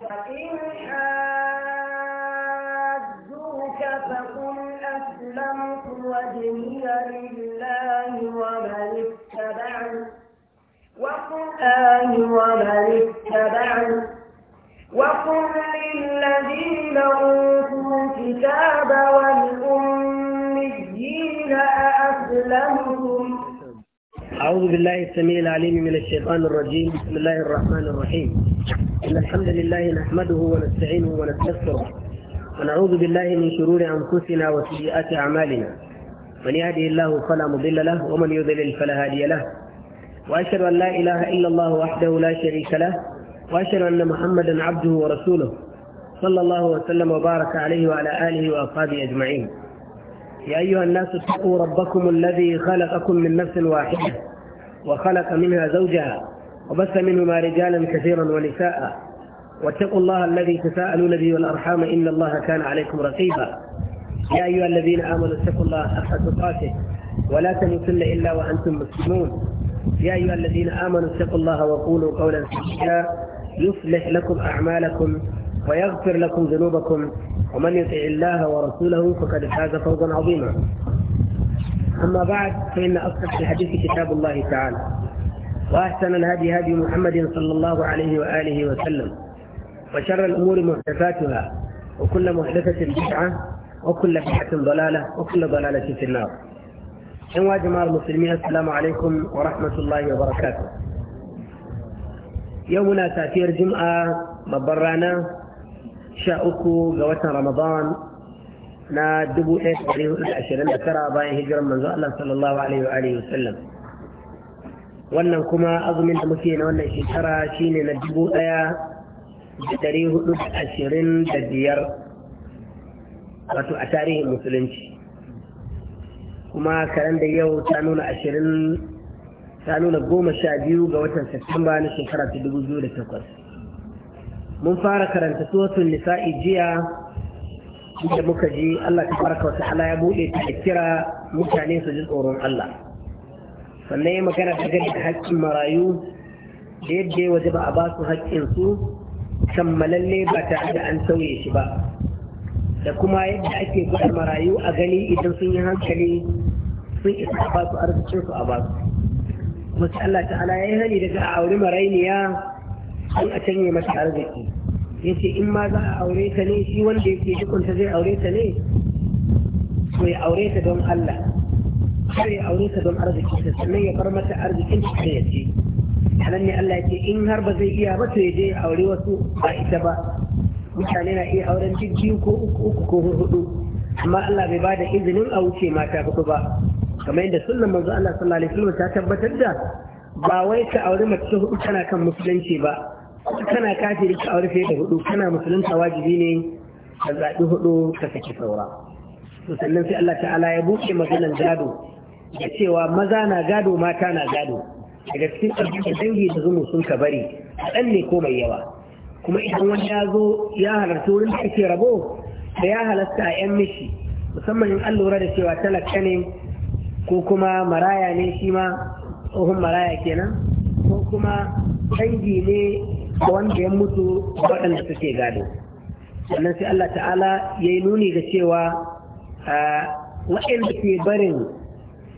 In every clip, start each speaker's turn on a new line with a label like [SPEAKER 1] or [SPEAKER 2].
[SPEAKER 1] فإن حاجوك فقل أسلمت وجهي لله ومن اتبعني وقرآن ومن اتبعني وقل للذين أوتوا الكتاب والأميين أأسلمتم
[SPEAKER 2] أعوذ بالله السميع العليم من الشيطان الرجيم بسم الله الرحمن الرحيم إن الحمد لله نحمده ونستعينه ونستغفره ونعوذ بالله من شرور أنفسنا وسيئات أعمالنا من يهده الله فلا مضل له ومن يضلل فلا هادي له وأشهد أن لا إله إلا الله وحده لا شريك له وأشهد أن محمدا عبده ورسوله صلى الله وسلم وبارك عليه وعلى آله وأصحابه أجمعين يا أيها الناس اتقوا ربكم الذي خلقكم من نفس واحدة وخلق منها زوجها وبث منهما رجالا كثيرا ونساء واتقوا الله الذي تساءلون به والارحام ان الله كان عليكم رقيبا يا ايها الذين امنوا اتقوا الله حق تقاته ولا تموتن الا وانتم مسلمون يا ايها الذين امنوا اتقوا الله وقولوا قولا سديدا يصلح لكم اعمالكم ويغفر لكم ذنوبكم ومن يطع الله ورسوله فقد فاز فوزا عظيما اما بعد فان اصدق الحديث كتاب الله تعالى وأحسن الهدي هدي محمد صلى الله عليه وآله وسلم وشر الأمور محدثاتها وكل محدثة بدعة وكل بدعة ضلالة وكل ضلالة في النار أيها واجب المسلمين السلام عليكم ورحمة الله وبركاته يومنا تأثير جمعة مبرانا sha uku رمضان نادبو Ramadan عليه الأشياء ɗaya ترى ɗari hudu من الله صلى الله عليه وآله وسلم wannan kuma azumin da muke na wannan shekara shine na dubu ɗaya da dari hudu da ashirin da biyar wato a tarihin musulunci kuma karen da yau ta nuna ashirin ta nuna goma sha biyu ga watan Satumba na shekara ta dubu biyu da takwas mun fara karanta suwatun nisa'i jiya inda muka ji Allah ta farka wata ala ya buɗe ta kira mutane su ji tsoron Allah sannan ya magana ta yadda da haƙƙin marayu da yadda ya waje ba a ba su haƙƙinsu kammalalle ba tare da an sauye shi ba da kuma yadda ake gwada marayu a gani idan sun yi hankali sun isa a ba su arzikinsu a ba su Allah ta'ala ya yi hani daga a auri marainiya an a canye mata arziki ya ce in ma za a aure ta ne shi wanda yake dukunta zai aure ta ne So ya aure ta don Allah har ya aure ta don arziki ta sannan ya bar mata arzikin ta ya ce halan ne Allah ya ce in har ba zai iya ba to ya je ya aure wasu ba ita ba mutane na iya auren biyu ko uku ko hudu amma Allah bai ba da izinin a wuce mata hudu ba kamar yadda sunan manzo Allah sallallahu alaihi wasallam ta tabbatar da ba wai ka aure mace hudu kana kan musulunci ba kana kafiri ka aure fiye da hudu kana musulunta wajibi ne ka zaɓi hudu ka saki saura to sannan sai Allah ta'ala ya buke maganar gado da cewa maza na gado mata na gado daga cikin ɗarfin dangi da zumu sun ka bari a ne ko mai yawa kuma idan wani ya zo ya halarci wurin da ake rabo da ya halarta a yan mishi musamman in an lura da cewa talaka ne ko kuma maraya ne shi ma tsohon maraya kenan ko kuma dangi ne wanda ya mutu waɗanda suke gado sannan sai Allah ta'ala ya yi nuni ga cewa waɗanda ke barin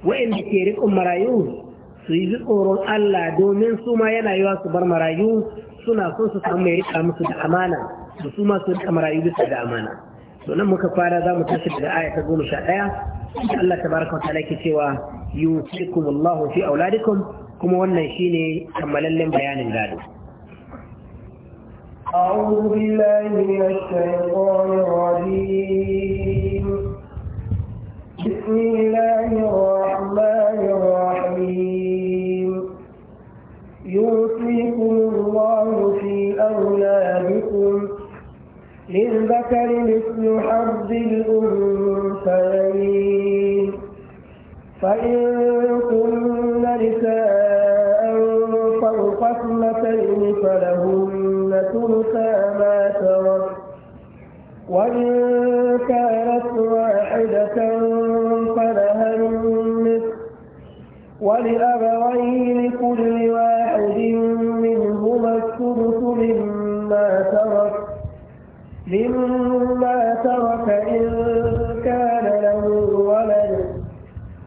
[SPEAKER 2] wa'inda ke riƙon marayu su yi tsoron Allah domin su ma yana yiwa su bar marayu suna son su samu mai riƙa musu da amana da su ma su riƙa marayu bisa da amana to nan muka fara za mu tashi daga aya ta goma sha ɗaya da Allah tabaraka wa ta'ala ke cewa yusikum Allahu fi auladikum kuma wannan shine kammalallen bayanin gado
[SPEAKER 1] أعوذ بالله من الشيطان الرجيم بسم الله الرحمن للذكر مثل حظ الأنثيين فإن كن نساء فوق اثنتين فلهن ثلثا ما ترك وإن كانت واحدة فلها النصف ولأبويه لكل واحد مما ترك إن كان له ولد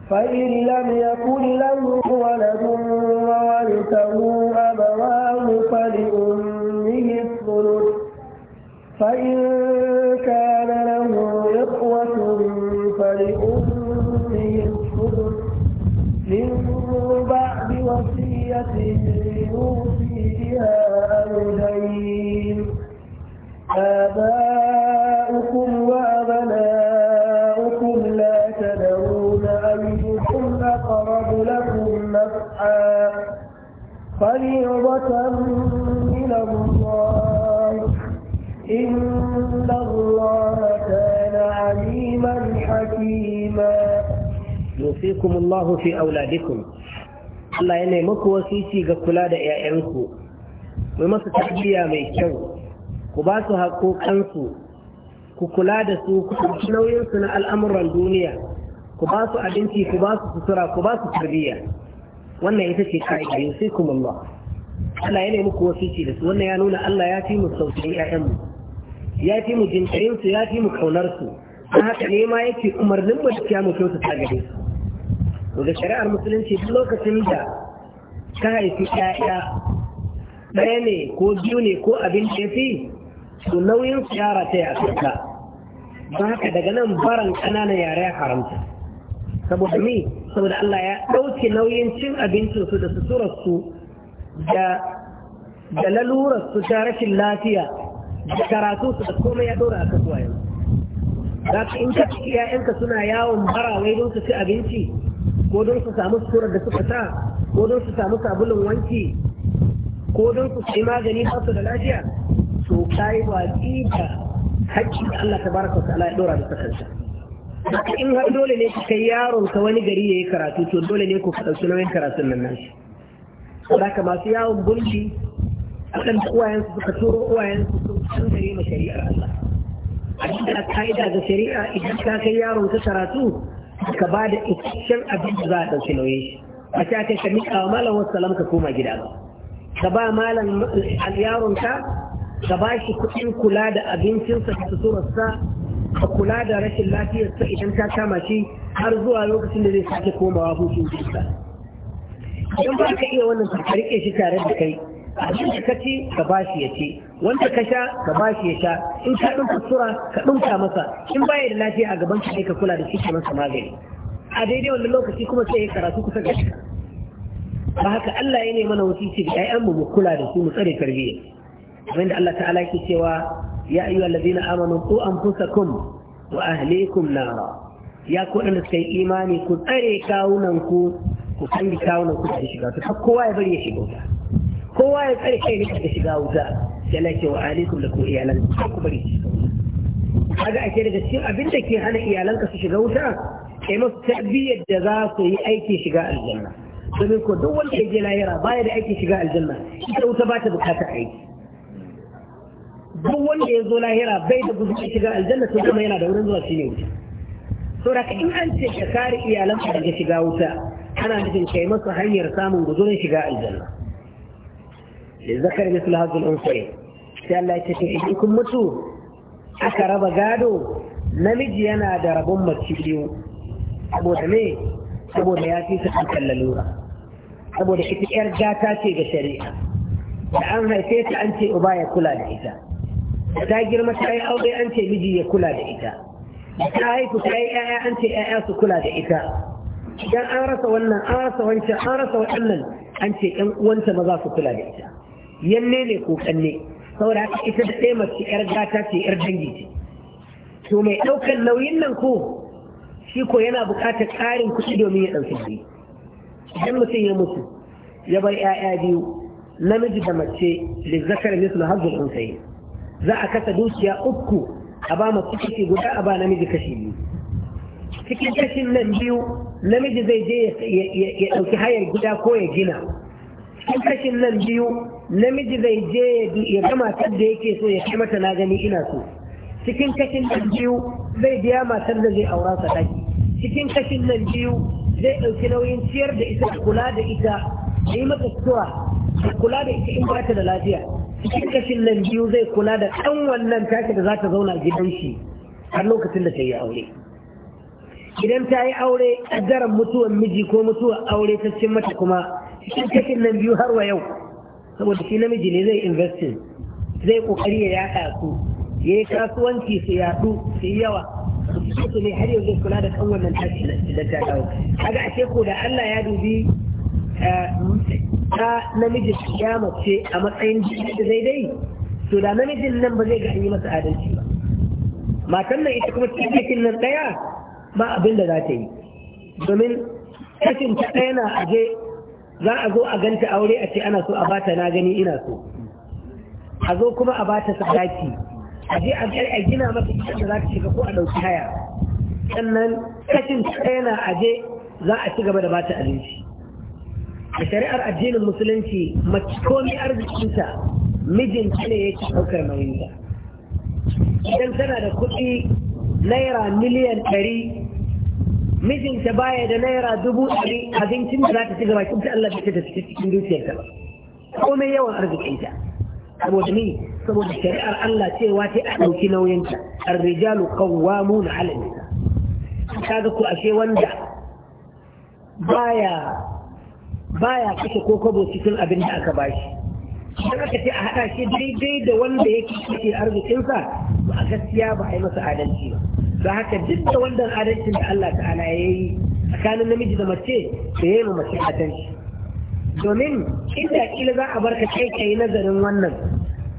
[SPEAKER 1] فإن لم يكن له ولد وورثه أبواه فلأمه الثلث فإن كان له إخوة فلأمه الثلث من بعد وصية يوصي بها أو آباؤكم وأبناؤكم لا تدرون أيهم أقرب لكم نفعا فريضة من الله إن الله كان عليما حكيما
[SPEAKER 2] يوصيكم الله في أولادكم Allah ya nemi ku wasisi ga kula da 'ya'yanku, mai masa tarbiyya mai kyau, ku ba su haƙoƙansu ku kula da su ku ɗauki nauyinsu na al'amuran duniya ku ba su abinci ku ba su sutura ku ba su tarbiyya wannan ita ce ka'ida yusikum Allah Allah ya nemi kuwa suci da su wannan ya nuna Allah ya fi mu sautin ƴaƴanmu ya fi mu jinkirin ya fi mu kaunar su don haka ne ma yake umarnin mu da mu kyautu ta gare su to da shari'ar musulunci duk lokacin da ka haifi ƴaƴa ɗaya ne ko biyu ne ko abin da ya fi to nauyin su yara ta yi a ba don haka daga nan baran ƙananan yare haramta saboda saboda Allah ya ɗauke nauyin cin abincinsu da suturar da da lalurar su ta rashin lafiya da karatu su da komai ya ɗora a kasuwa yanzu za ka in ka ci ‘ya'yanka suna yawon barawai don su ci abinci ko don su samu surar da suka sa ko don su samu sabulun wanki ko don su sai magani ba su da lafiya to kai watsi da haƙƙin da Allah tabaraka wa ta'ala ya dora da kansa haka in har dole ne kai yaron ka wani gari yayi karatu to dole ne ku ɗauki nauyin karatun nan nashi saboda masu yawon bulbi waɗanda uwayensu suka turo uwayensu sun san gare ma shari'ar Allah abin da ka'ida ga shari'a idan ka kai yaron ka karatu ka ba da isasshen abin da za a ɗauki nauyin shi a ta kai ka miƙa wa malam wasu salam ka koma gida ba ka ba malam yaron ka ka ba shi kuɗin kula da abincinsa da suturarsa ka kula da rashin lafiyarsa idan ta kama shi har zuwa lokacin da zai sake komawa hutun jinsa idan ba ka iya wannan ka rike shi tare da kai abin da ka ci ka ba shi ya ce wanda ka sha ka ba shi ya sha in ka ɗin kusura ka ɗinka masa in baya da lafiya a gaban ka ka kula da shi ka masa magani a daidai wannan lokaci kuma sai ya karatu kusa ga shi ba haka Allah ya ne mana wasiki da mu mu kula da su mu tsare tarbiyya وعند الله تعالى كتوى يا أيها الذين آمنوا قوا أنفسكم وأهليكم نارا يا كون سكي إيماني كن أري كاوننكو كن كاوننكو تشغاوتا حقوا يبري يشغاوتا كوا يبري كاي تشغاوتا سلاكي وأهليكم لكو إيالان حقوا بري kaga ake daga cikin abin da ke hana iyalanka su shiga wuta kai masu tarbiyyar da za su yi aiki shiga aljanna domin ko duk wanda ya je lahira baya da aiki shiga aljanna ita wuta ba ta bukata aiki duk wanda ya zo lahira bai da guzuri shiga aljanna to kuma yana da wurin zuwa shine wuta saboda in an ce ka kare iyalanka daga shiga wuta ana nufin kai masa hanyar samun guzurin shiga aljanna للذكر مثل هذه الأنثيين sai Allah ya ce idan kun mutu aka raba gado namiji yana da rabon mace biyu saboda ne saboda ya fi su kan lalura saboda ita yar gata ce ga shari'a da an haife ta an ce uba ya kula da ita ta girma ta yi aure an ce miji ya kula da ita ta haihu ta yi ƴaƴa an ce ƴaƴa su kula da ita idan an rasa wannan an rasa wancan an rasa waɗannan an ce ‘yan uwanta maza su kula da ita yanne ne ko kanne saboda haka ita da ɗaya mace ƴar gata ce ‘yar dangi ce to mai ɗaukar nauyin nan ko shi ko yana buƙatar ƙarin kuɗi domin ya ɗauki nauyi idan mutum ya mutu ya bar ‘ya'ya biyu namiji da mace lizzakar mislu hazzul unsayi za a kasa dukiya uku a ba mace kashi guda a ba namiji kashi biyu cikin kashin nan biyu namiji zai je ya ɗauki hayar guda ko ya gina cikin kashin nan biyu namiji zai je ya ga matar da yake so ya kai mata na gani ina so cikin kashin nan biyu zai biya matar da zai aura sa daki cikin kashin nan biyu zai ɗauki nauyin ciyar da ita da kula da ita da yi mata sutura da kula da ita in ba ta da lafiya kashin nan biyu zai kula da ɗan wannan tashi da za ta zauna gidan shi har lokacin da ta yi aure idan ta yi aure ƙaddaran mutuwar miji ko mutuwar aure ta cin mata kuma cikin kashin nan biyu har wa yau saboda shi namiji ne zai investin zai ƙoƙari ya yaɗa su ya yi kasuwanci su yaɗu su yi yawa su ne har yau zai kula da ɗan wannan tashi da ta dawo kaga ashe ko da Allah ya dubi eh, ta namiji ya ce a matsayin jiki da daidai to da namijin nan ba zai ga yi masa adalci ba matan nan ita kuma cikin nan ɗaya ba abin da za ta yi domin kashin ta ɗaya na aje za a zo a ganta aure a ce ana so a bata na gani ina so a zo kuma a bata sadaki a je a gina mata ita da za ta shiga ko a ɗauki haya sannan kashin ta ɗaya na aje za a ci gaba da bata abinci a shari'ar addinin musulunci mace komi arzikinta mijinta ne yake ɗaukar nauyinta idan tana da kuɗi naira miliyan ɗari mijinta baya da naira dubu ɗari abincin da za ta ci gaba ta Allah ta cikin cikin dukiyarta ba komai yawan arzikinta saboda ni saboda shari'ar Allah cewa ta a ɗauki nauyinta ar-rijalu qawwamuna 'ala nisa kaga ku ashe wanda baya baya kashe ko kwabo cikin abin da aka bashi idan aka ce a haɗa shi daidai da wanda yake kashe arzikinsa ba a gaskiya ba a yi masa adalci ba don haka duk da wannan adalcin da Allah ta'ala ya yi tsakanin namiji da mace da ya yi mace adalci domin inda kila za a barka kai kai nazarin wannan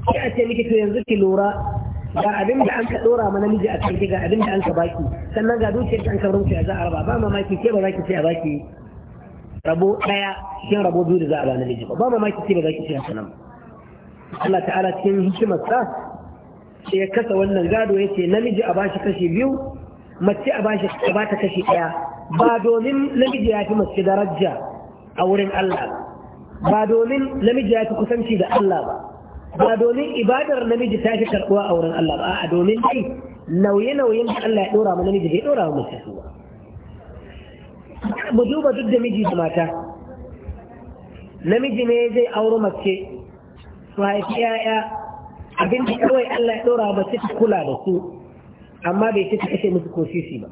[SPEAKER 2] sai a ce miki to yanzu ki lura ga abin da an ka dora ma namiji a kai ga abin da an ka baki sannan ga dukiyar an ka rumfi a za a raba ba mamaki ke ba za ki ce a baki rabo ɗaya cikin rabo biyu da za a ba namiji ba ba mamaki ce ba za ki ce haka nan Allah ta'ala cikin hikimarsa sai ya kasa wannan gado ya ce namiji a bashi kashi biyu mace a bashi a bata kashi ɗaya ba domin namiji ya fi mace daraja a wurin Allah ba domin namiji ya fi kusanci da Allah ba ba domin ibadar namiji ta fi karɓuwa a wurin Allah ba a domin dai nauye-nauyen da Allah ya ɗora ma namiji bai ɗora wa mace su ba mu duba duk da miji da mata namiji ne zai auri mace su haifi yaya abin da kawai Allah ya ɗora ba ta kula da su amma bai ce ta kashe musu ko sisi ba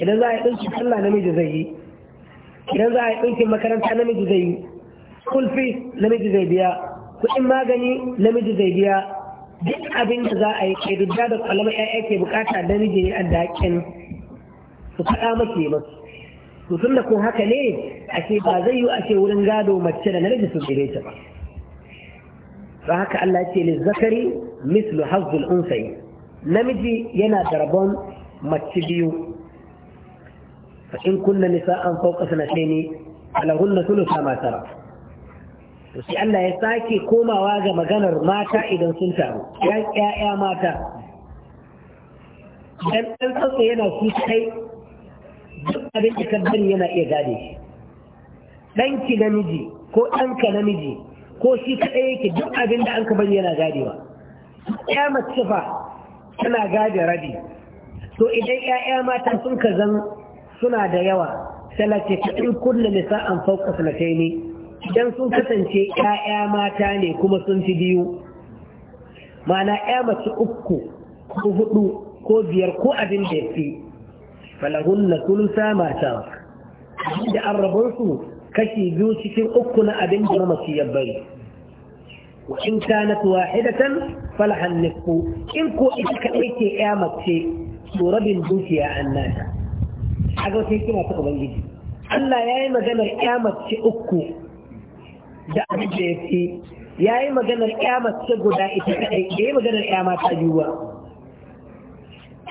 [SPEAKER 2] idan za a yi ɗinkin sallah namiji zai yi idan za a yi ɗinkin makaranta namiji zai yi kulfi namiji zai biya kuɗin magani namiji zai biya duk abin da za a yi ke duk da kwalama 'ya'ya ke bukata namiji ne an da haƙƙin su faɗa maki masu to tun da ko haka ne ake ba zai yi ake wurin gado mace da namiji sun tsire ta ba don haka Allah ce li zakari mislu hazzul unsai namiji yana da rabon mace biyu fa in kunna nisa'an fawqa sanataini alahunna thulutha ma tara to sai Allah ya sake komawa ga maganar mata idan sun taru ya ƴaƴa mata dan ɗan tsatsa yana su kai duk abin da kan yana iya gane shi ɗanki namiji ko ɗanka namiji ko shi kaɗai yake duk abin da an ka bari yana gadewa ya mace fa tana gade rabi to idan 'ya'ya mata sun ka zan suna da yawa salace ta in kunna nisa'an fauka salatai ne idan sun kasance 'ya'ya mata ne kuma sun fi biyu ma'ana 'ya mace uku ko hudu ko biyar ko abin da ya fi falahunna sulsa ma tarak da an rabar su kashi biyu cikin uku na abin da mamaci ya bari wa in kanat wahidatan falahan nisfu in ko ita kadai ke ya mace to rabin dukiya annata kaga sai kina ta ubangiji Allah yayi maganar ya mace uku da abin da yake yayi maganar ya mace guda ita kadai da yayi maganar ya mata biyu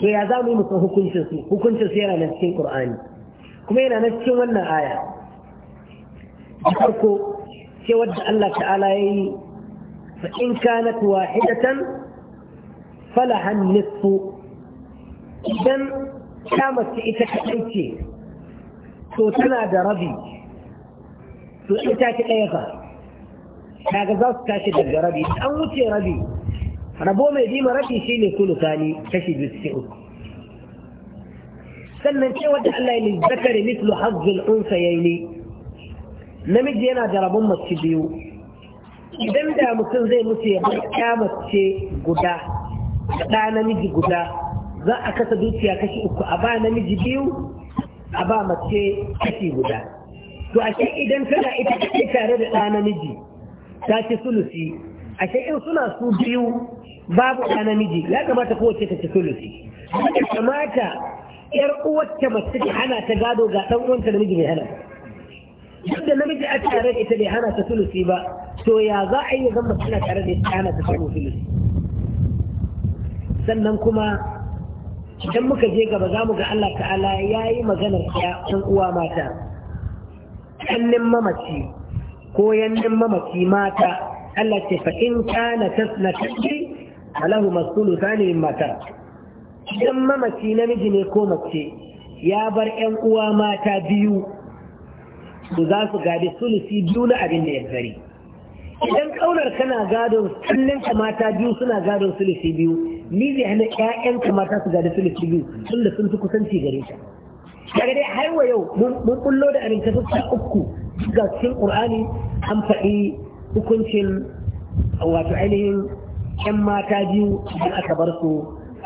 [SPEAKER 2] to ya za mu yi musan hukuncin su hukuncin su yana nan cikin qur'ani kuma yana nan cikin wannan aya a farko ce wadda Allah ta'ala ya yi fa in kanat wahidatan falaha nisfu idan ta mace ita kaɗai ce to tana da rabi to ita ta ɗaya fa kaga za su tashi daga rabi an wuce rabi rabo mai bi shi rabi shine tani kashi biyu cikin uku sannan ce da Allah ya lizzakari mislu hazzul unsa yayi namiji yana da rabon mace biyu idan da mutum zai mutu ya bar ya mace guda da ɗa namiji guda za a kasa dukiya kashi uku a ba namiji biyu a ba mace kashi guda to ashe idan kana ita kashi tare da ɗa namiji ta ci sulusi ashe in suna su biyu babu ɗa namiji ya kamata kowace ta cikin sulusi ya kamata yar uwarta mace ta hana ta gado ga ɗan uwanta namiji mai hana duk da namiji a tare da ita bai hana ta sulusi ba to ya za a yi zama tana tare da ita hana ta samu sulusi sannan kuma idan muka je gaba za mu ga Allah ta'ala ya yi maganar ya ɗan uwa mata kannin mamaci ko yannin mamaci mata Allah ce fa in kana tasna tasbi alahu masulu sani mimma matar idan mamaci namiji ne ko mace ya bar yan uwa mata biyu su za su gadi sulusi biyu na abin da ya gari idan kaunar kana gadon sannan ka mata biyu suna gadon sulusi biyu ni zai hana ƴaƴan ka mata su gadi sulusi biyu tun da sun fi kusanci gare ta daga dai har wa yau mun kullo da abin ta uku ga cikin qur'ani an faɗi hukuncin wato ainihin 'yan mata biyu idan aka bar su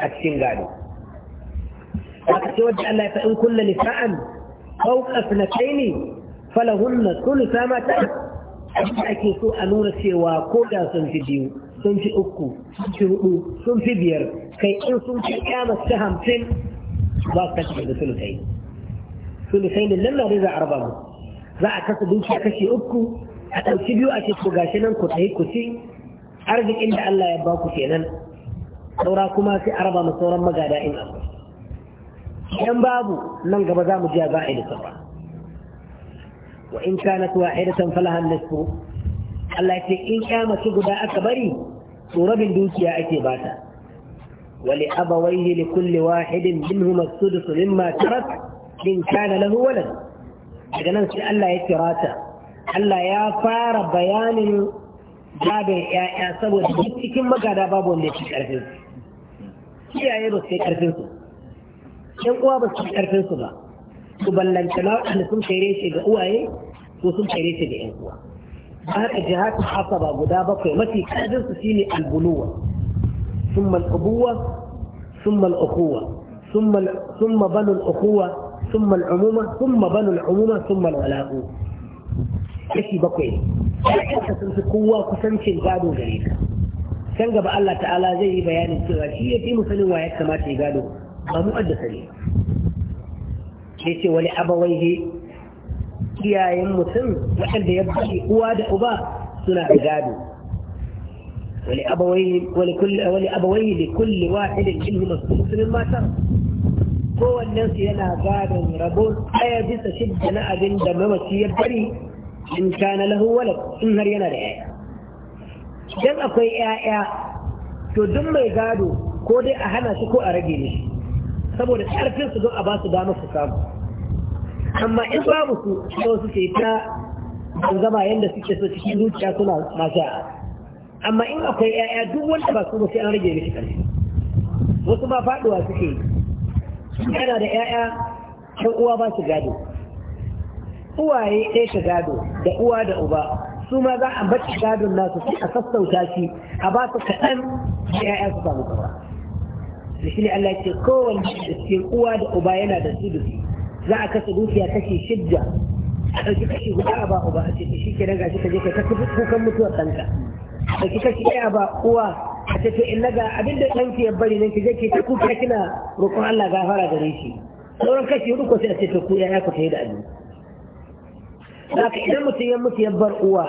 [SPEAKER 2] a cikin gado aka ce wadda Allah ya in na kai ne? sunataini falahunna sun ma ta abin ake so a nuna cewa ko da sun fi biyu sun fi uku sun fi hudu sun fi biyar kai in sun fi kyamar ta hamsin ba su kashe da sulutai sulutai ne nan na dai za a raba mu za a kasa dukiya kashe uku a ɗauki biyu a ce ku gashi nan ku tafi ku ci arzikin da Allah ya baku kenan saura kuma sai a raba mu sauran magada in akwai idan babu nan gaba za mu ji a yi da wa in kanat wahidatan falaha nasu Allah ce in kyamaci guda aka bari to rabin dukiya ake bata wali abawaihi li kulli wahidin minhum as-sudus mimma tarak in kana lahu walad daga nan sai Allah ya kirata Allah ya fara bayanin gagar ‘ya'ya saboda duk cikin magada babu wanda ya fi ƙarfin su kiyaye ba su kai ƙarfin su ‘yan uwa ba su kai ƙarfin su ba su ballanta na waɗanda sun shaire shi ga uwaye ko sun shaire shi ga ‘yan uwa ba haka jihatun asaba guda bakwai mafi ƙarfin su shine albuluwa ثم الأبوة ثم الأخوة ثم ثم بنو الأخوة ثم العمومة ثم بنو العمومة ثم الولاء kashi bakwai ya ƴaƴanka sun fi kowa kusancin gado gare ka can gaba Allah ta'ala zai yi bayanin cewa shi ya fi mu sanin wa ya kamata ya gado ba mu adda sani sai ce wani abawaihe iyayen mutum waɗanda ya bari uwa da uba suna da gado wani abawaihe ne kulle wahidin ilmi masu musulun mata kowannensu yana gadon rabo ɗaya bisa shidda na abin da mamaci ya bari in kana lahu walad in har yana da yaya dan akwai yaya to duk mai gado ko dai a hana shi ko a rage ne saboda karfin su don a ba su damar su samu amma in babu su sai su ce ta ban zama yanda suke so cikin zuciya suna masu amma in akwai yaya duk wanda ba su sai an rage mishi karfi wasu ba faduwa suke yana da yaya ko uwa ba su gado uwaye ɗaya ta gado da uwa da uba su ma za a bacci gadon nasu sai a sassauta shi a ba su kaɗan da ‘ya'ya su samu gaba da shi ne Allah ce kowanne da cikin uwa da uba yana da su za a kasa dukiya kashi shidda a ɗauki kashi guda a ba uba a ce shi ke daga shi ka je ka tafi kukan mutuwar ɗanka a ɗauki kashi ɗaya ba uwa a ce to na ga abin da ɗanki ya bari nan ki je ki ta kuka kina roƙon Allah gafara gare shi sauran kashi hudu ko sai a ce to ku ‘ya'ya ku ta yi da abin haka idan mutum ya mutu ya bar uwa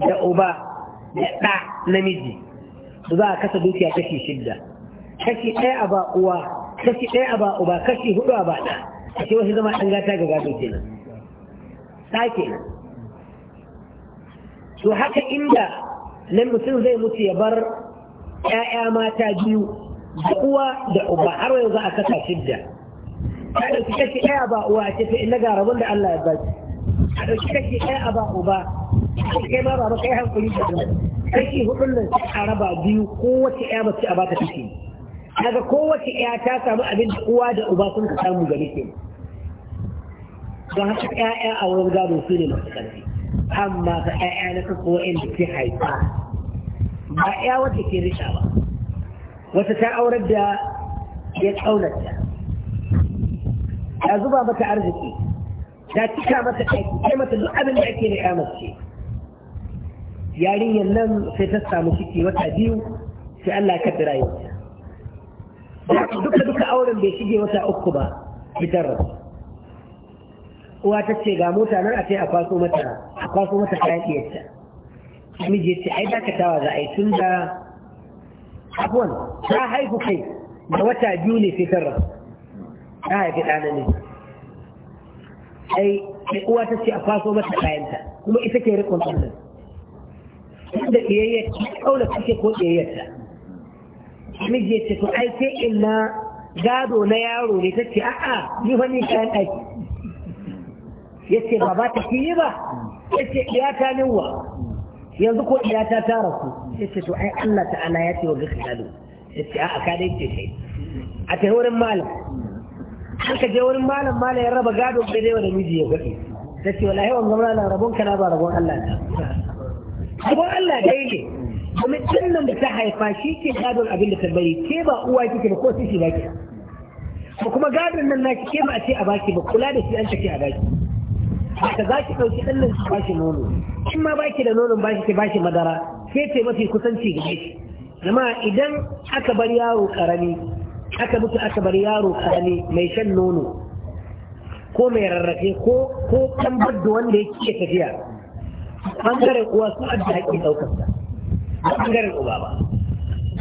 [SPEAKER 2] da uba da ɗa namiji za a kasa dukiya kashi shidda kashi ɗaya a ba uwa kashi ɗaya a ba uba kashi hudu a ba ɗa a ce wasu zama ɗan gata ga gado kenan sake to haka inda na mutum zai mutu ya bar ‘ya'ya mata biyu da uwa da uba har yau za a kasa shidda ta ɗauki kashi ɗaya ba uwa a ce ta ina ga rabon da Allah ya baki a ɗauki kashi ɗaya a ba uba kai ba ba kai hankali da ɗan kashi hudun nan sai a raba biyu kowace ƴa mace a ba ta kashi daga kowace ɗaya ta samu abin da uwa da uba sun ka samu gari ke don haka ƴaƴa a wurin gado su ne masu ƙarfi amma ga ƴaƴa na kasa wa'anda ke haifa ba ƴa wacce ke rika ba wata ta aurar da ya ƙaunarta ya zuba mata arziki ta cika mata aiki kai mata duk abin da ake da ce? yarinyar nan sai ta samu ciki wata biyu sai Allah ya kaddara yau duka duka auren bai shige wata uku ba fitar uwa ta ce ga mota nan a ce a kwaso mata a kwaso mata kayan iyarta miji ce ai dakatawa za a yi tun da abuwan ta haihu kai da wata biyu ne fitar ta haifi ɗana ne ai sai uwa ta ce a kwaso mata kayanta kuma ita ke rikon ɗan inda ɗiyayyar ƙaunar kake ko ɗiyayyarta miji ya ce to ai sai inna gado na yaro ne ta ce a'a ni wani kayan aiki ya ce ba ba ta ki yi ba ya ce ne wa? yanzu ko iyata ta rasu ya ce to ai Allah ta'ala ya ce wa gaskiya ya ce a'a ka dai ce kai a ta wurin malam haka je wurin malam malam ya raba gado da dai wani miji ya gaɗe da ce wallahi wanga na rabon ka na ba rabon Allah ne rabon Allah dai ne domin tun nan da ta haifa shi ke gadon abin da ta bari ke ba uwa kike ba ko su shi baki ko kuma gadon nan naki ke ba a ce a baki ba kula da shi an take a baki haka za ki ɗauki ɗan nan ba shi nono in ma baki da nonon ba shi ba shi madara ke ce mafi kusanci ga shi amma idan aka bar yaro ƙarami aka mutu aka bar yaro kane mai shan nono ko mai rarrafe ko ko kan da wanda yake tafiya bangaren uwa su adda haƙƙin ɗaukar sa ba bangaren uba ba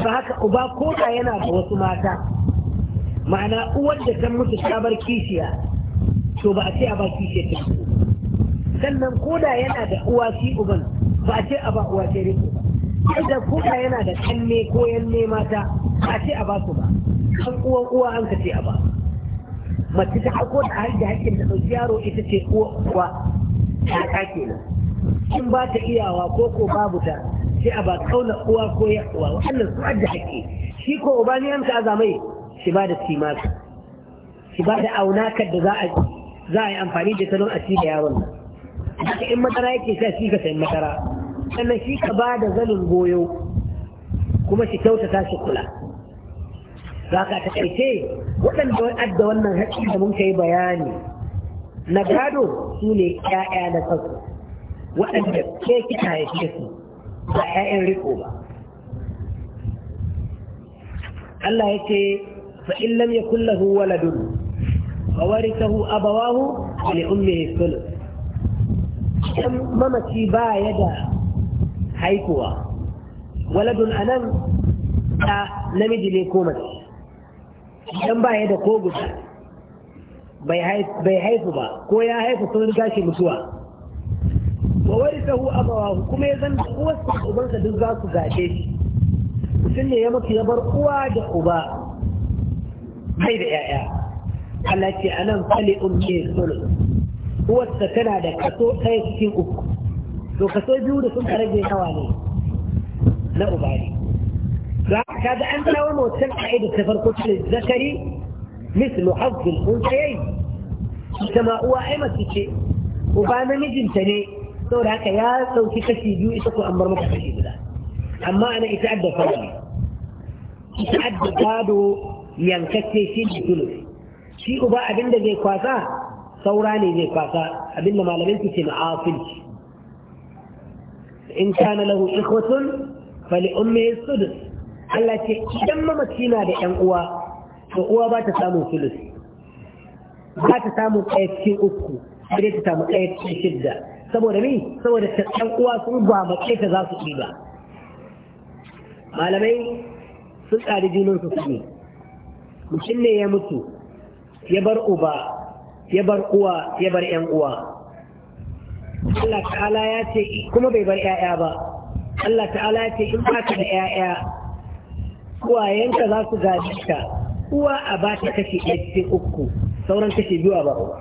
[SPEAKER 2] ba haka uba ko da yana da wasu mata ma'ana uwar da ta mutu ta bar kishiya to ba a ce a ba kishiya ta sannan ko da yana da uwa shi uban ba a ce a ba uwa ta riko ba ko da yana da kanne ko yanne mata ba a ce a ba su ba haƙuwan uwa an ka ce a ba mace ta hako da har da hakkin ta ɗauki yaro ita ce uwa ta ta kenan in ba ta iyawa ko ko babu ta sai a ba kauna uwa ko ya uwa wannan su da hakki shi ko uba ne yanka azamai shi ba da timaka shi ba da aunakar da za a za a yi amfani da salon a ci da yaron nan haka in madara yake sai shi ka sayi madara sannan shi ka ba da zanin goyo kuma shi kyautata shi kula za ka taƙaice waɗanda adda wannan haƙƙi da mun kai bayani na gado su ne ƴaƴa na kansu waɗanda ke kika ce su ba ƴaƴan riƙo ba Allah ya ce fa in lam yakul lahu waladun fa warithahu abawahu li ummihi thuluth idan mamaci ba ya da haikuwa waladun anan ta namiji ne ko mace idan ba ya da ko guda bai haifu ba ko ya haifu sun gashi mutuwa ba wani sahu abawa kuma ya zanta uwarsa ubansa duk za su gashe shi mutum ne ya mutu ya bar uwa da uba bai da 'ya'ya Allah ce a nan fali umke sulu uwarsa tana da kaso ɗaya cikin uku to kaso biyu da sun rage nawa ne na uba ne كاد أن لهم وسمع عيد السفر قلت للذكري مثل حظ الأنثيين كما هو أمة شيء وبعد ما يجي تاني تقول هكا يا سو كيف تيجي يسوق أمر مكة في جدا أما أنا إتعدى فلان إتعدى كادو ينكسي شيء بكله شيء وبا أبين ده زي كذا ثوراني زي كذا أبين ما لمن تسمع عاصم إن كان له إخوة فلأمه السدس Allah ce idan mamaci na da ‘yan uwa to uwa ba ta samun sulus ba ta samun ɗaya cikin uku sai ta samu ɗaya cikin shidda saboda me saboda ta ‘yan uwa sun ba mace ta za su ɗi ba malamai sun tsari junan su sani mutum ne ya mutu ya bar uba ya bar uwa ya bar ‘yan uwa Allah ta'ala ya ce kuma bai bar ‘ya'ya ba Allah ta'ala ya ce in ba ka da ‘ya'ya uwayenka za su gaji ka uwa a ba ta kashi ɗaya cikin uku sauran kashi biyu a ba uba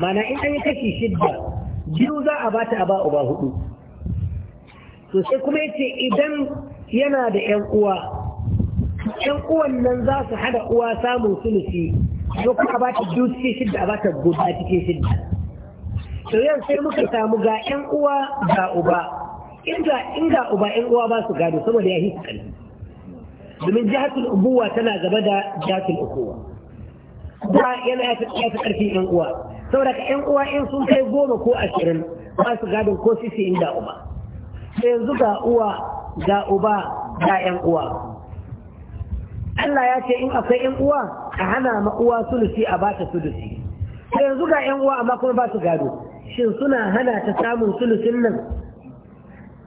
[SPEAKER 2] mana in an yi kashi shidda biyu za a ba ta a ba uba hudu to sai kuma yace idan yana da ƴan uwa ƴan uwan nan za su hada uwa samun sulusi ko kuma a ba ta biyu cikin shidda a ba ta guda cikin shidda to yau sai muka samu ga ƴan uwa ga uba in ga uba ƴan uwa ba su gado saboda ya yi su domin jihatul ubuwa tana gaba da jihatul ukuwa ba yana ya fi karfin yan uwa saboda ka yan uwa in sun kai goma ko ashirin ba su gadin ko sisi inda uba sai yanzu ga uwa ga uba ga yan uwa Allah ya ce in akwai yan uwa a hana ma uwa sulusi a bata sulusi sai yanzu ga yan uwa amma kuma ba su gado shin suna hana ta samun sulusin nan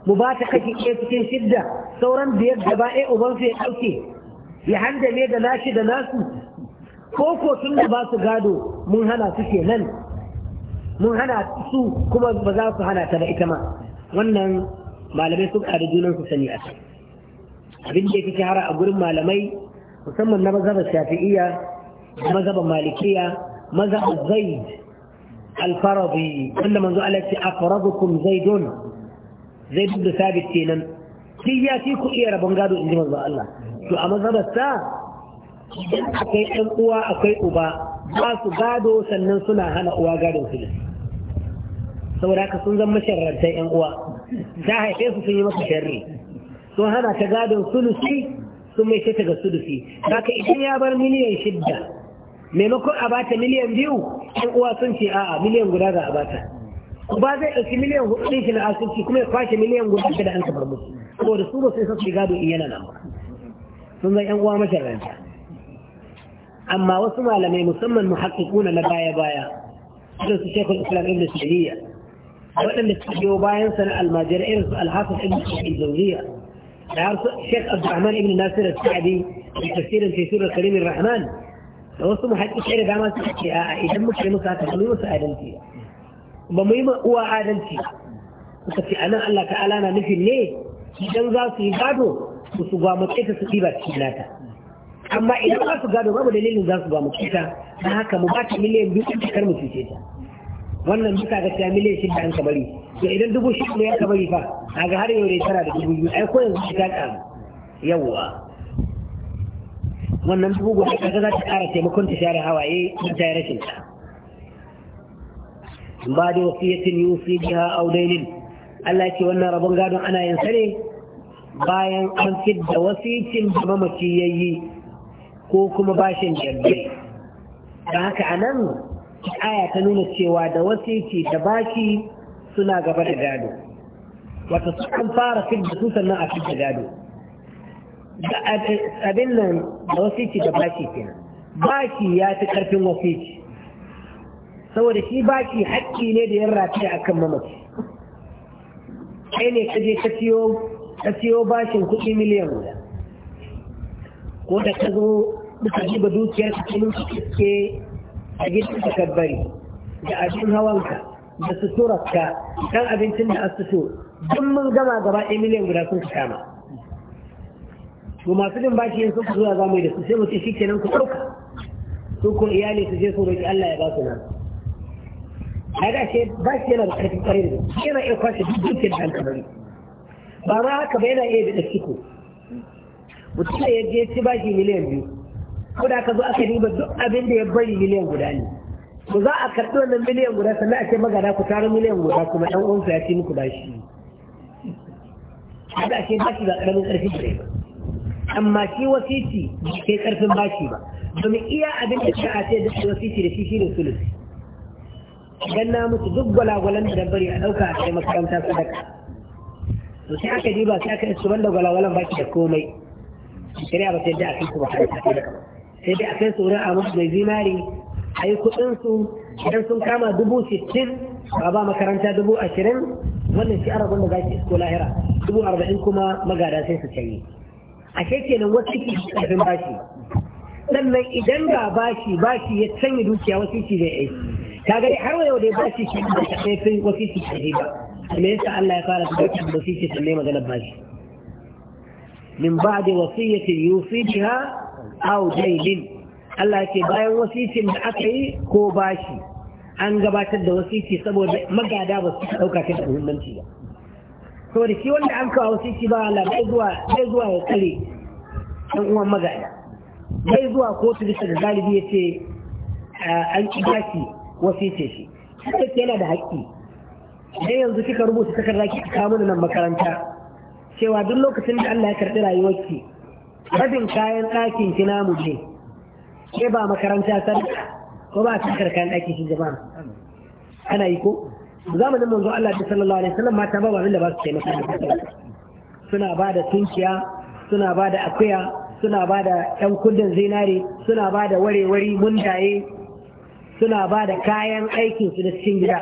[SPEAKER 2] mu ba ta kashi cikin shidda sauran biyar ba ɗaya ubansu ya ɗauke ya handame da nashi da nasu ko ko tun da ba su gado mun hana su kenan mun hana su kuma ba za su hana ta ba ita ma wannan malamai sun ƙari junan su sani a kai abin da ya fi har a gurin malamai musamman na mazhabar shafi'iyya da mazhabar malikiya mazhabar zaid alfarabi wanda manzo Allah ya ce zaidun zai duk da sabit kenan duk ya fi ku iya rabon gado in ji manzo Allah to a mazhabar sa akwai ɗan uwa akwai uba ba su gado sannan suna hana uwa gadon su ne. saboda haka sun zama sharrantar yan uwa ta haife su sun yi maka sharri sun hana ta gadon sulusi sun mai ta ga sulusi haka idan ya bar miliyan shidda maimakon a bata miliyan biyu yan uwa sun ce a'a miliyan guda za a bata وبعدين اسمليه إيه ليش العاصم كم يقاش مليون قلت كده أنت بربوس هو رسول صلى الله عليه وسلم إيانا نعم ثم ينقوا مشرعا أما وصما لما يسمى المحققون لبايا بايا جلس الشيخ الإسلام ابن السعودية وإن السعودية وبايا سنة المجرئين الحافظ ابن الزوجية يعرف نعم، الشيخ عبد الرحمن ابن ناصر السعدي تفسيرا في سورة الكريم الرحمن وصم حتى الشعر بعمل سعودية إذا مش لمساعدة مساعدة فيها ba mu yi ma uwa adalci suka ce nan Allah ta'ala na nufin ne idan za su yi gado su su gwamu ta su ɗiba cikin nata amma idan za su gado babu dalilin za su gwamu ta na haka mu ba ta miliyan biyu ta cikar mutu ce ta wannan bisa ga cewa miliyan shida an kamari. to idan dubu shida ya kamari fa ga har yau ne tara da dubu biyu ai ko yanzu ta ƙaru yawwa wannan dubu guda ga za ta ƙara taimakon ta share hawaye ta rashin ta in ba da wasiyatin yusi biha aw dainin Allah ce wannan rabon gadon ana yin sa ne bayan an fidda wasicin da mamaci yayi ko kuma bashin jabbe da haka anan aya ta nuna cewa da wasici da bashi suna gaba da gado wata su an fara fidda su sannan a fidda gado da abin nan da wasici da bashi kenan bashi ya fi karfin wasici saboda shi baki haƙƙi ne da yin rafi a kan mamaki kai ne ka je ka siyo bashin kuɗi miliyan guda ko da ka zo duka jiba dukiyar ka cikin ke a gidan ka kabbari da abin hawanka da suturarka kan abincin da asusu duk mun gama gaba ɗaya miliyan guda sun kama to masu bin bashi yin sun zuwa zamu da su sai mu ce shi kenan ku ɗauka su ko iyali su je su roƙi Allah ya ba su nan kaga ce ba shi yana da ƙarfin ƙwarai da yana iya kwashe dukkan da alƙalari ba ma haka ba yana iya da ciko mutum da ya je ci bashi miliyan biyu ko da aka zo aka riba duk abin da ya bari miliyan guda ne ko za a karɓi wannan miliyan guda sannan a ce magana ku taro miliyan guda kuma ɗan uwansa ya ci muku bashi kaga ce bashi ba ƙaramin ƙarfi da ba amma shi wasiti bai karfin ƙarfin bashi ba domin iya abin da ka a ce da wasiti da shi shi ne sulusi idan na mutu duk gwalagwalan da bari a ɗauka a cikin makaranta sadaka to sai aka diba sai aka isu banda gwalagwalan baki da komai shari'a ba sai dai a kai su ba sai dai a kai su wurin musu mai zinari a yi kuɗin su idan sun kama dubu sittin ba ba makaranta dubu ashirin wannan shi arabin da za su isko lahira dubu arba'in kuma magada sai su canyi a kenan wasu ke ƙarfin bashi sannan idan ba bashi bashi ya canyi dukiya wasu shi zai aiki ka gari har yau dai ba shi shi da ta kai kai wasiki ta ba me yasa Allah ya fara da dukkan wasiki ta nema magana ba shi min ba'di wasiyati yufi biha aw daylin Allah yake bayan wasicin da aka yi ko bashi an gabatar da wasici saboda magada ba su dauka ta da muhimmanci ba saboda shi wanda an kawo wasici ba Allah bai zuwa bai zuwa ya kare dan uwan magada bai zuwa kotu bisa da galibi yace an shi? wasice shi haka yana da haƙƙi idan yanzu kika rubuta takarda ki kawo mana nan makaranta cewa duk lokacin da Allah ya karɓi rayuwarki rabin kayan ɗakin ki namu ne ke ba makaranta san ko ba ta kayan ɗakin ki jama'a ana yi ko zamanin manzo Allah ta sallallahu alaihi wasallam mata ba wani da ba su taimaka suna ba da tunkiya suna ba da akuya suna ba da ɗan kundin zinare suna ba da warewari mundaye suna ba da kayan aikin su da cikin gida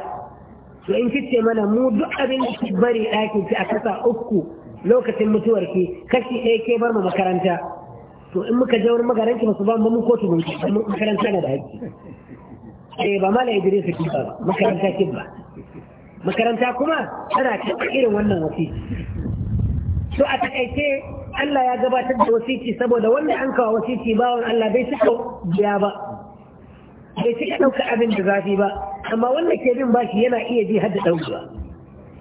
[SPEAKER 2] to in kice mana mu duk abin da ki bari ɗakin ki a kasa uku lokacin mutuwar ki kashi ɗaya ke bar mu makaranta to in muka je wurin magaranki ba su ba mu kotu mu makaranta na da haƙƙi eh ba mala idris ki ba makaranta ki ba makaranta kuma tana ta irin wannan wasi to a takaice Allah ya gabatar da wasiki saboda wanda an kawo wasiki bawon Allah bai shi biya ba bai cika ɗauka abin da zafi ba amma wanda ke bin bashi yana iya ji hadda ɗaukewa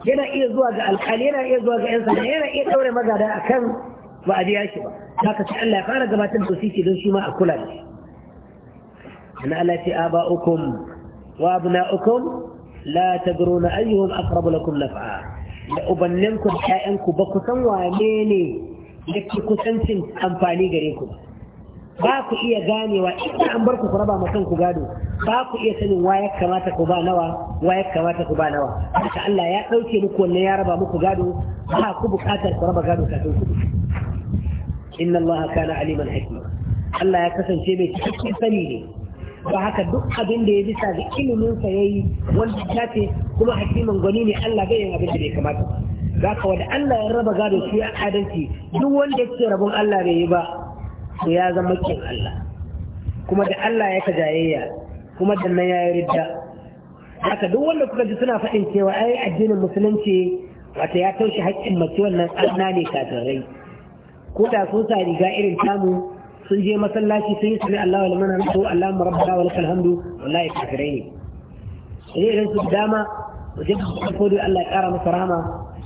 [SPEAKER 2] yana iya zuwa ga alƙali yana iya zuwa ga 'yan sanda yana iya ɗaure magada a kan ba a biya shi ba haka sai Allah ya fara gabatar da sisi don shi ma a kula da shi ana Allah ce aba ukum wa abna ukum la tadruna ayyuhum aqrabu lakum naf'a da ubanninku da 'ya'yanku ba ku san wane ne yake kusancin amfani gare ku ba ba ku iya ganewa inda an bar ku ku raba mutum ku gado ba ku iya sanin wa ya kamata ku ba nawa wa ya kamata ku ba nawa haka Allah ya dauke muku wanne ya raba muku gado ba ku bukatar ku raba gado kafin ku inna Allah kana aliman hakima Allah ya kasance mai cikakken sani ne ba haka duk abin da ya bisa da ilimin sa yayi wanda ya ce kuma hakiman gwani ne Allah bai yin abin da ya kamata ba ka wanda Allah ya raba gado shi ya adalci duk wanda ya ce rabon Allah bai yi ba to ya zama kin Allah kuma da Allah ya ka jayayya kuma da nan ya yi ridda haka duk wanda kuka ji suna faɗin cewa ai addinin musulunci wata ya taushe haƙƙin mace wannan ana ne kafirai ko da sun sa riga irin tamu sun je masallaci sun yi sami Allah wal mana rasu Allah mu rabbana wa lakal hamdu wallahi kafirai ne sai irin su dama wajen ko da Allah ya ƙara masa rahama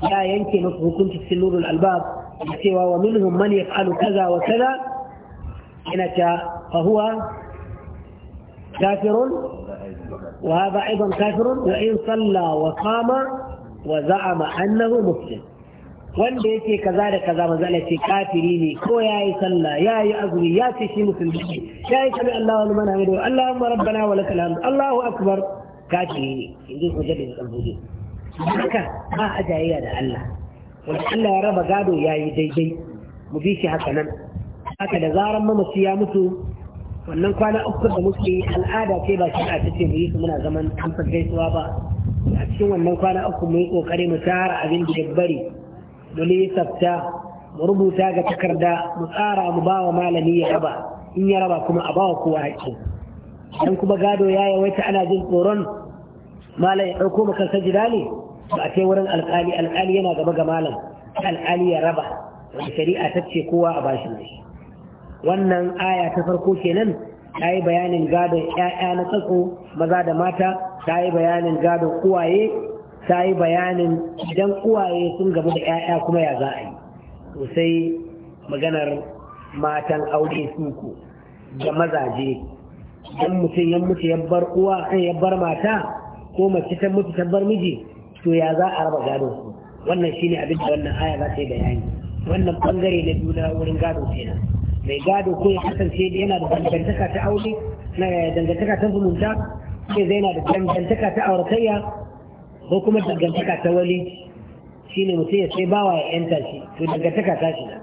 [SPEAKER 2] ya yanke masa hukunci cikin nurul albab cewa wa minhum man yaf'alu kaza wa kaza هنا فهو كافر
[SPEAKER 1] وهذا أيضا كافر وإن
[SPEAKER 2] صلى وصام وزعم أنه مسلم wanda yake kaza da kaza manzo kafiri ne ko yayi sallah yayi azumi ya ce shi musulmi ne yayi sami Allahu liman hamidu Allahumma rabbana wa lakal hamd Allahu akbar kafiri ne inji hujja da tsambuji haka a ajayya da Allah wanda Allah ya raba gado yayi daidai mu bi shi haka nan haka da zaran mamaci ya mutu wannan kwana uku da muke al'ada ce ba shi a tace mu yi su muna zaman kamfan gaisuwa ba a cikin wannan kwana uku mu yi kokari mu tara abin da bari mu lissafta mu rubuta ga takarda mu tsara mu ba wa malami ya raba in ya raba kuma a ba wa kowa haƙƙi dan kuma gado ya yawaita ana jin tsoron malam ya ɗauko maka sajida ne ba a ce wurin alƙali alƙali yana gaba ga malam alƙali ya raba wani shari'a ta ce kowa a bashi ne wannan aya ta farko kenan ta yi bayanin gadon 'ya'ya na tsatso maza da mata ta yi bayanin gadon kuwaye, ta yi bayanin idan kuwaye sun gaba da 'ya'ya kuma ya za a yi sosai maganar matan aure suku da mazaje idan mutum ya mutu ya bar uwa eh, ya bar mata ko mace ta mutu ta bar miji to ya za a raba gadon su wannan shine abin da wannan aya za ta yi bayani wannan bangare na juna wurin gado kenan mai gado ko ya kasance yana da dangantaka ta aure na dangantaka ta zumunta ko zai yana da dangantaka ta auratayya ko kuma dangantaka ta wali shine mutum ya sai bawa ya yanta shi to dangantaka ta shi na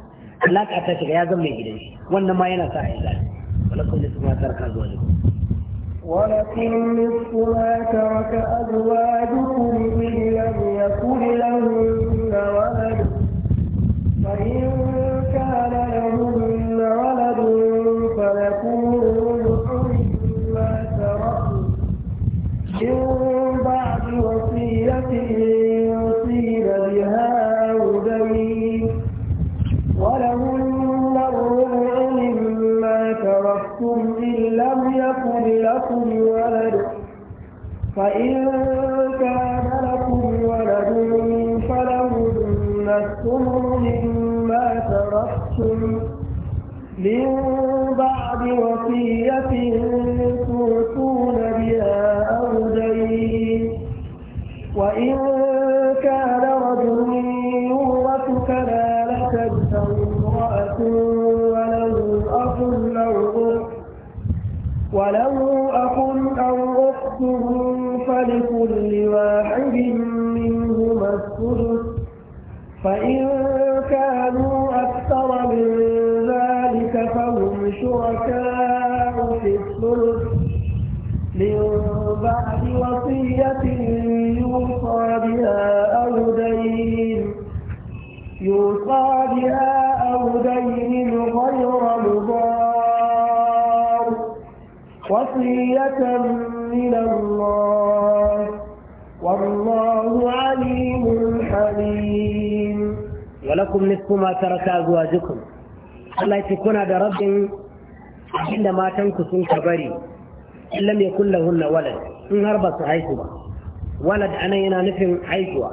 [SPEAKER 2] alaka ta shiga ya zama mai gidan shi wannan ma yana sa a yi zaɓi walakum da suna tarka zuwa ne
[SPEAKER 1] ولكم نصف ما ترك أزواجكم إن لم يكن لهن ولد فإن كان لهن فيكونوا لحوم ما تركوا من بعد وصية يصير بها هدي ولهن الربع مما تركتم إن لم يكن لكم ولد فإن كان لكم ولد فلهن الثمن مما تركتم من بعد وصية توصون بها أو دين وإن كان رجل يورث كلالة أو امرأة وله أخ أو وله أخ أو أخت فلكل واحد منهما الثلث فإن كانوا الشركاء في الثلث من بعد وصية يوصى بها أو دين يوصى بها أو دين غير مضار وصية من الله والله عليم حليم
[SPEAKER 2] ولكم نصف ما ترك أزواجكم الله يتكون هذا رب inda matanku sun ka bari in mai yakun hunna walad in har ba su haihu ba walad anan yana nufin haihuwa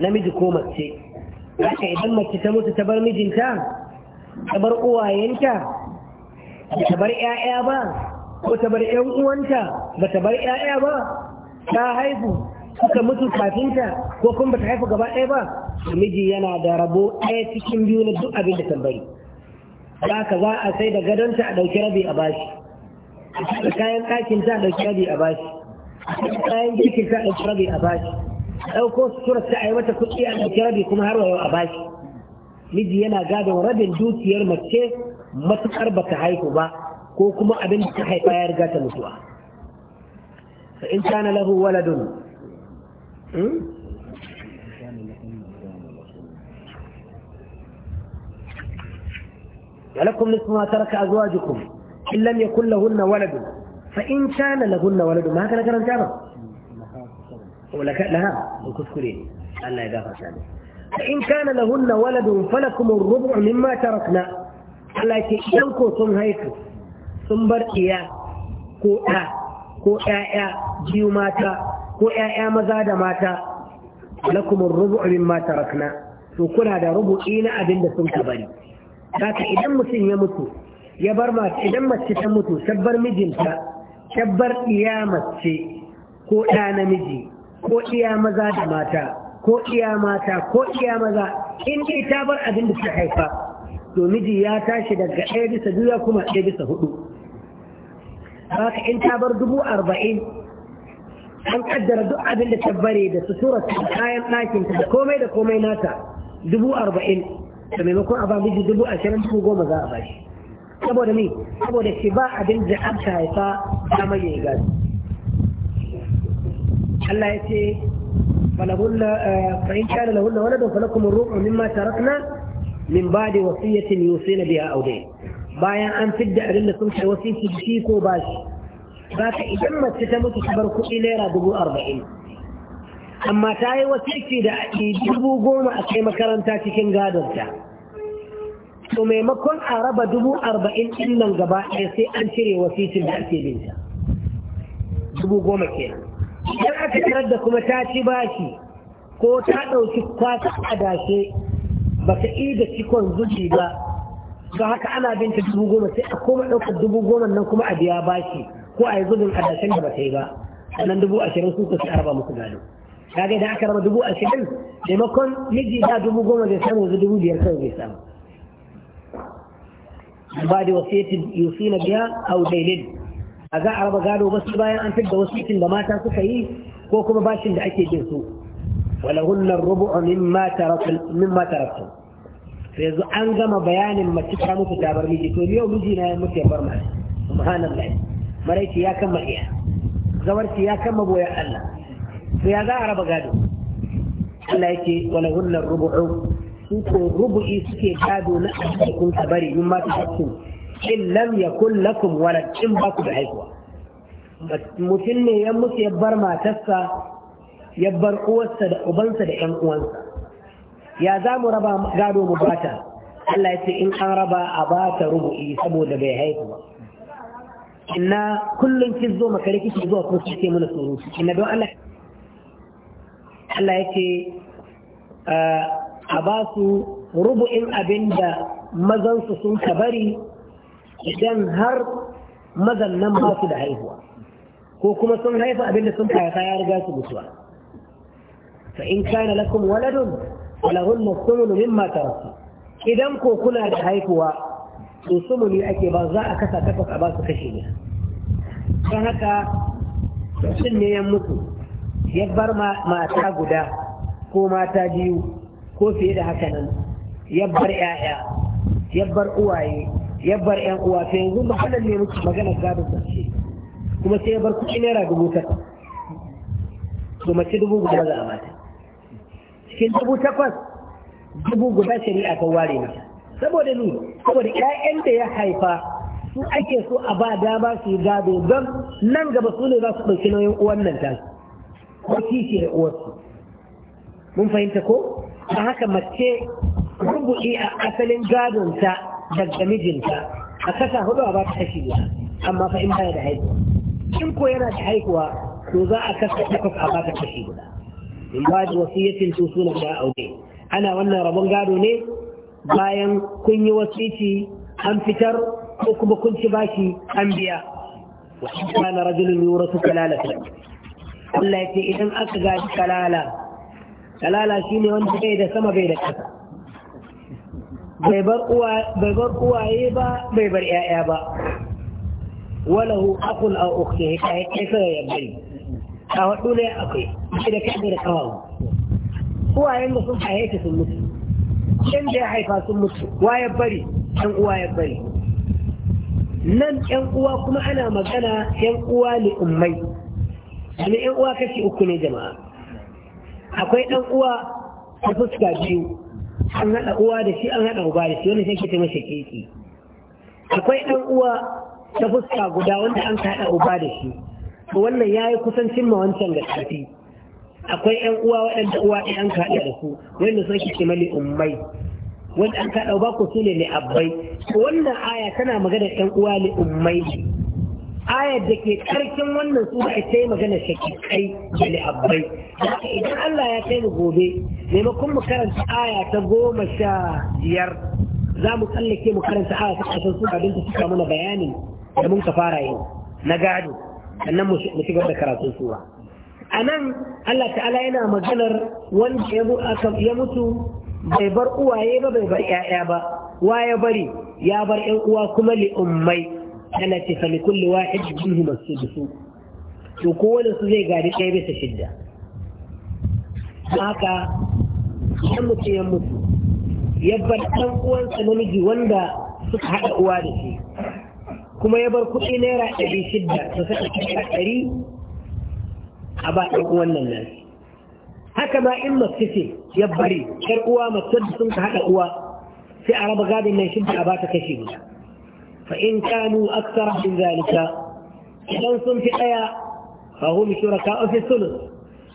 [SPEAKER 2] namiji ko mace haka idan mace ta mutu ta bar mijinta ta bar uwayenta ba ta bar 'ya'ya ba ko ta bar 'yan uwanta ba ta bar 'ya'ya ba ta haihu suka mutu kafinta ko kuma ba ta haifu gaba ɗaya ba miji yana da rabo ɗaya cikin biyu na duk abin da tambari za ka za a sai da gadonta a ɗauki rabi a bashi a kayan ɗakin ta a ɗauki rabi a bashi a kayan girkin ta a ɗauki rabi a bashi ɗauko suturar ta a yi mata kuɗi a ɗauki rabi kuma har wayo a bashi miji yana gadon rabin dukiyar mace matuƙar ba ta haihu ba ko kuma abin da ta haifa ya riga ta mutuwa fa in kana lahu waladun hmm? ولكم نصف ما ترك أزواجكم إن لم يكن لهن ولد فإن كان لهن ولد ما هكذا كان جابا ولك لها الكسكرين الله يغفر ثاني فإن كان لهن ولد فلكم الربع مما تركنا الله يتشنكو ثم هيكو ثم برئيا ko ɗa ko ‘ya'ya biyu mata ko ‘ya'ya maza da mata lakumin rubu'in mata rakna to kuna da rubu'i na abin da sun ka bari haka idan mutum ya mutu ya bar mace idan mace ta mutu tabbar mijinta tabbar iya mace ko ɗa namiji ko iya maza da mata ko iya mata ko iya maza in dai ta bar abin da ta haifa to miji ya tashi daga ɗaya bisa biyu ya kuma ɗaya bisa hudu haka in ta bar dubu arba'in an kaddara duk abin da ta bare da sutura kayan ɗakinta da komai da komai nata dubu arba'in da maimakon a ba miji dubu ashirin dubu goma za a ba shi saboda me saboda shi ba abin da an ta haifa dama ya gado Allah ya ce فلهن فإن كان لهن ولد فلكم الربع مما min من بعد وصية يوصين na biya aure." bayan an fidda abin da sun kai wasu su shi ko ba shi ba ka idan mace ta mutu ta bar kuɗi naira dubu arba'in amma ta yi wasiki da dubu goma a kai makaranta cikin gadonta to maimakon a raba dubu arba'in ɗin nan gaba ɗaya sai an cire wasikin da ake binta dubu goma ke idan aka tarar da kuma ta ci bashi ko ta ɗauki kwata dashe ba ta da cikon zuci ba ga haka ana binta dubu goma sai a koma ɗaukar dubu goma nan kuma a biya bashi ko a yi gudun a dashen da ba ta yi ba sannan dubu ashirin su ka araba musu gado kaga idan aka raba dubu ashirin maimakon miji da dubu goma zai samu yanzu dubu biyar kawai zai samu ba da wasiyatin yusina biya au dailin a za a raba gado ba su bayan an fidda wasiyatin da mata suka yi ko kuma bashin da ake bin su walahunna rubu'u mimma taraktu mimma taraktu to yanzu an gama bayanin mace ta mutu ta bar miji to yau miji na ya mutu ya bar mace subhanallah maraici ya kama iya zawarci ya kama boyan Allah to ya za a raba gado Allah yake wala hunnar rubu'u su ko rubu'i suke gado na abin kun bari mun ma ta haƙƙi in lam yakun lakum wala in ba ku da haihuwa mutum ne ya mutu ya bar matarsa ya bar uwarsa da ubansa da ƴan uwansa ya za mu raba gado mu bata Allah ya ce in an raba a bata rubu'i saboda bai haihu ba inna kullum kin zo makariki zuwa kuma kike mana surutu inna don Allah Allah ya ce a basu rubu'in abin da mazansu sun ka bari idan har mazan nan ba su da haihuwa ko kuma sun haifa abin da sun kayata ya riga su mutuwa fa in kana lakum waladun falahun nasumunu mimma tarasu idan ko kuna da haihuwa to sumuni ake ba za a kasa takwas a ba su kashe ne don haka sun ne yan mutu ya bar mata guda ko mata biyu ko fiye da haka nan ya bar 'ya'ya ya bar uwaye ya bar 'yan uwa sai yanzu mahallar ne muke magana da sarki kuma sai ya bar kuɗi naira dubu takwas to mace dubu guda za a mata cikin dubu takwas dubu guda shari'a ta ware mata saboda ni saboda 'ya'yan da ya haifa su ake so a ba dama su yi gado don nan gaba su ne za su ɗauki nauyin uwan nan tasu ko da uwarsu mun fahimta ko ta haka mace rubuɗi a asalin gadonta daga mijinta a kasa hudu a ba ta kashi biya amma fa in baya da haihuwa in ko yana da haihuwa to za a kasa takwas a ba ta kashi guda in ba da wasiyyatin su suna da aure ana wannan rabon gado ne bayan kun yi wasici an fitar ko kuma kun ci bashi an biya wa in kana rajulun yurasu kalalatan Allah ya ce idan aka gaji kalala kalala shine wanda bai da sama bai da ƙasa bai bar uwaye ba bai bar 'ya'ya ba walahu akun a ukhti kai kai sai ya bari a wadu ne akwai shi da kai da kawawa uwayen da sun ta sun mutu ɗan da ya haifa sun mutu wa ya bari 'Yan uwa ya bari nan ‘yan uwa kuma ana magana ‘yan uwa ne ummai domin yan uwa kashi uku ne jama'a akwai ɗan uwa ta fuska biyu an haɗa uwa da shi an haɗa uba da shi wani sai ta mashi keke akwai ɗan uwa ta fuska guda wanda an haɗa uba da shi wannan ya yi kusancin ma wancan ga ƙarfi akwai ƴan uwa waɗanda uwa ɗaya an kaɗa da su wanda sun ke mali ummai wanda an kaɗa ba ku su ne abbai wannan aya tana magana ɗan uwa li ummai ayar da ke karkin wannan sura ita yi magana shakikai da li'abbai haka idan Allah ya kai mu gobe maimakon mu karanta aya ta goma sha biyar za mu tsallake mu karanta aya ta ƙarshen sura don ta cika mana bayani da mun ka fara yau na gado sannan mu ci da karatun sura a nan Allah ta'ala yana maganar wanda ya mutu bai bar uwaye ba bai bar 'ya'ya ba wa ya bari ya bar 'yan uwa kuma li'ummai ana ce fa li kulli wahid minhum as-sudus to kowane su zai gadi ɗaya bisa shidda don haka idan mutum ya mutu ya bar ɗan uwansa namiji wanda suka haɗa uwa da shi kuma ya bar kuɗi naira ɗari shidda da saka naira ɗari a ba ɗan uwan nan nan haka ma in mace ce ya bari ƴar uwa mace da sun ka haɗa uwa sai a raba gadin nan shidda a ba ta kashe ba. فإن كانوا أكثر من ذلك إذا في أيا فهم شركاء في الثلث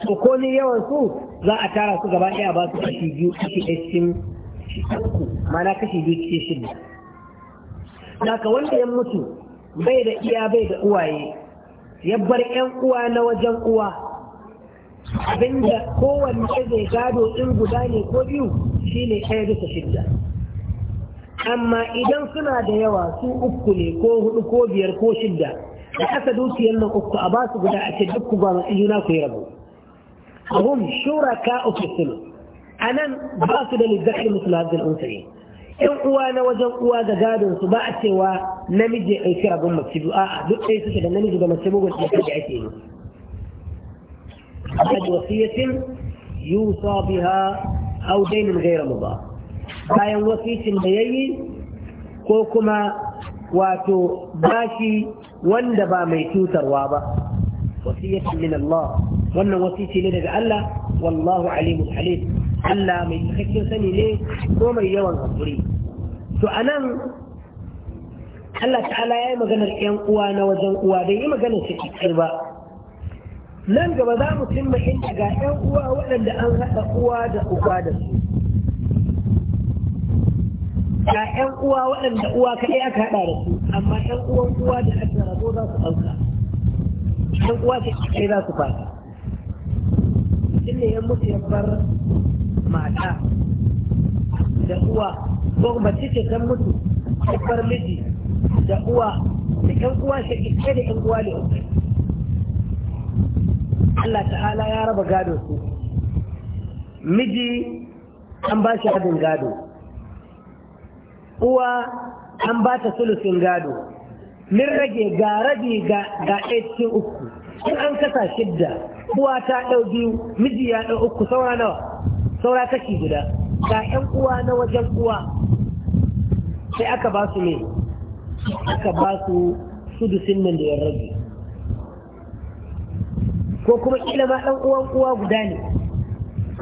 [SPEAKER 2] وكوني يوان سوء لا أترى سوء غباء إيه أباس أشيجيو أشيجيو ما لا كشيجيو كشيجيو لك وانت يمتو بيد إيا بيد أواي يبر إن قوى نوجن قوى abinda kowanne zai gado in guda ne ko biyu shine ɗaya bisa shidda amma idan suna da yawa su uku ne ko hudu ko biyar ko shidda da aka dukiyar nan uku a basu guda a ce duk ku ba masu juna ku yi rabu hum shuraka uku a nan ba su da lizzakar musul hadzal unsayi yan uwa na wajen uwa ga gadon su ba a cewa namiji ya ɗauki rabin mace biyu a'a duk ɗaya suke da namiji da mace bugun ɗaya da ake yi بعد وصية يوصى بها أو دين غير مضار bayan wasicin da ya yi ko kuma wato bashi wanda ba mai cutarwa ba wasiyyatin min Allah wannan wasici ne daga Allah wallahu alimul halim Allah mai cikakken sani ne ko mai yawan hakuri to anan Allah ta'ala ya yi maganar ‘yan uwa na wajen uwa bai yi maganar cikin ba nan gaba za mu cimma inda ga ‘yan uwa waɗanda an haɗa uwa da uba da su ga ƴan uwa waɗanda uwa kaɗai aka haɗa da su amma ƴan uwan uwa da aka rabo za su ɗauka ƴan uwa ce kaɗai za su fata da ya mutu ya bar mata da uwa ko kuma ce ta mutu ya bar miji da uwa da ƴan uwa shi ita da ƴan uwa ne Allah ta'ala ya raba gado su miji an ba shi haɗin gado uwa an ba ta sulusin gado min rage ga rabi ga ɗaya cikin uku in an kasa shidda uwa ta ɗau biyu miji ya ɗau uku saura nawa saura kashi guda ga ƴan uwa na wajen uwa sai aka ba su ne
[SPEAKER 1] aka ba su
[SPEAKER 2] sudusin nan da ya rage ko kuma kila ma ɗan uwan uwa guda ne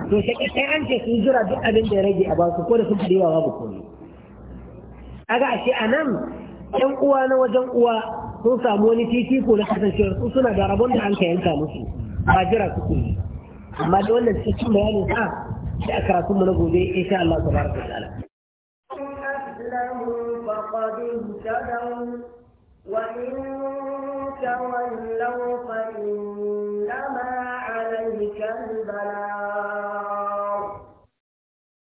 [SPEAKER 2] to sai an ce su jira duk abin da ya rage a ba su ko da sun da yawa ba komai Aga ashe anan yan uwa na wajen uwa sun samu wani titi ko na kasancewar su suna da rabon da an ka yanka musu ba jira su kuma, amma da wannan cikin bayanin sa shi a karatun mu na gobe insha Allah ta baraka da Allah
[SPEAKER 1] وإن تولوا فإنما عليك البلاغ